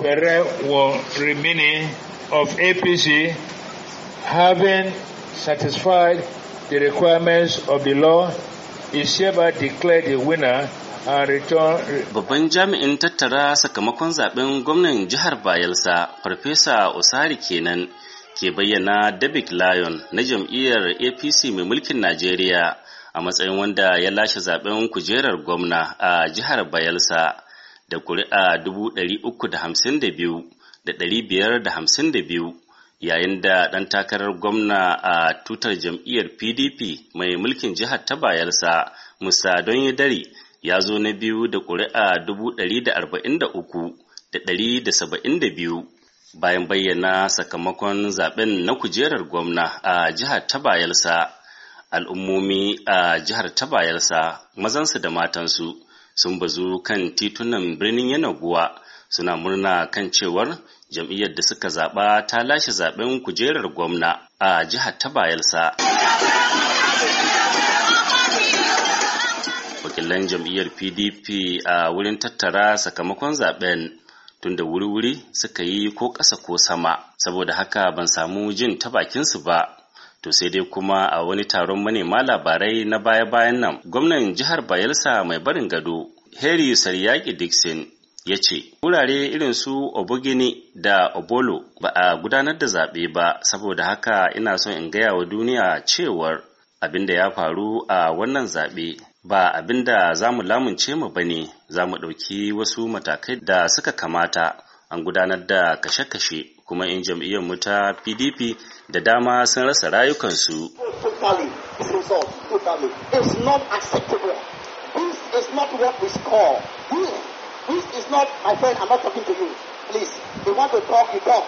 Pere will remain of APC having satisfied the requirements of the law is hereby declared the winner Babban jami'in tattara sakamakon zaben gwamnan jihar Bayelsa, Farfesa Osari kenan ke bayyana David Lyon na jam'iyyar APC mai mulkin Najeriya a matsayin wanda ya lashe zaben kujerar gwamna a jihar Bayelsa. da kuri'a 352,552 yayin da ɗan takarar gwamna a tutar jam'iyyar pdp mai mulkin jihar ta bayelsa musa don yi dare ya zo na biyu da ƙuri'a 143,172 bayan bayyana sakamakon zaben na kujerar gwamna a jihar ta bayelsa al'ummomi a jihar ta bayelsa mazansu da matansu sun bazu kan titunan birnin Yanaguwa suna murna kan cewar jam'iyyar da suka zaɓa ta lashe zaɓen kujerar gwamna a jihar ta Bayelsa. Wakilan jam'iyyar PDP a wurin tattara sakamakon zaɓen tun da wuri-wuri suka yi ko ƙasa ko sama, saboda haka ban samu jin ta bakinsu ba. To sai dai kuma a wani taron manema labarai na baya-bayan nan, gwamnan jihar Bayelsa mai barin gado, Harry Saryaki Dixon ya ce, Wurare irin su Obogini da Obolo ba a gudanar da zaɓe ba, saboda haka ina son in gaya wa duniya cewar abin da ya faru a wannan zaɓe ba abin da za mu lamunce mu ba ne, za mu ɗauki wasu matakai da suka kamata an gudanar da kashe-kashe kuma in jam'iyyar mu ta pdp da dama sun rasa rayukansu su Please, you want to talk, talk.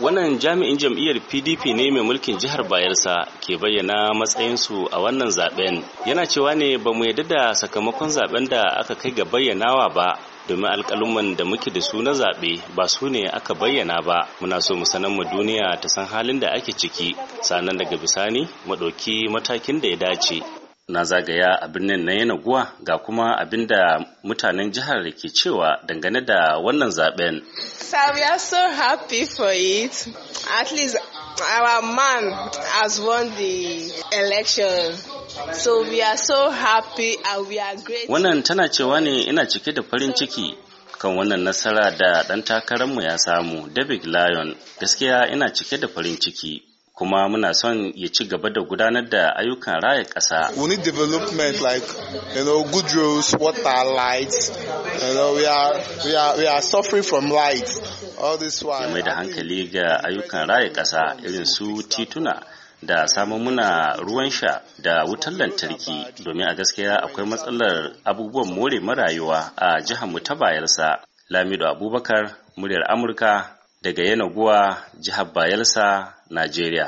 Wannan jami'in jam'iyyar PDP ne mai mulkin jihar Bayelsa ke bayyana matsayinsu a wannan zaben. Yana cewa ne ba mu yarda da sakamakon zaben da aka kai ga bayyanawa ba domin alkaluman da muke da su na zaɓe ba su ne aka bayyana ba muna so mu sanar mu duniya ta san halin da ake ciki sannan daga bisani mu ɗauki matakin da ya dace na zagaya a birnin na yanaguwa ga kuma abin da mutanen jihar ke cewa dangane da wannan zaben So uh, we are so happy for it. At least our man has won the election. So we are so happy and we are great. Wannan tana cewa ne ina cike da farin ciki kan wannan nasara da ɗan takararmu ya samu David Lyon. Gaskiya ina cike da farin ciki. kuma muna son ya ci gaba da gudanar da ayyukan raya ƙasa. We need development like you know good roads, water, lights. You know we are we are we are suffering from light all this while. Ya mai da hankali ga ayyukan raya ƙasa irin su tituna da samun muna ruwan sha da wutar lantarki domin a gaskiya akwai matsalar abubuwan more marayuwa a jihar mu ta bayelsa. Lamido Abubakar, muryar Amurka daga Yanaguwa, jihar Bayelsa, Najeriya.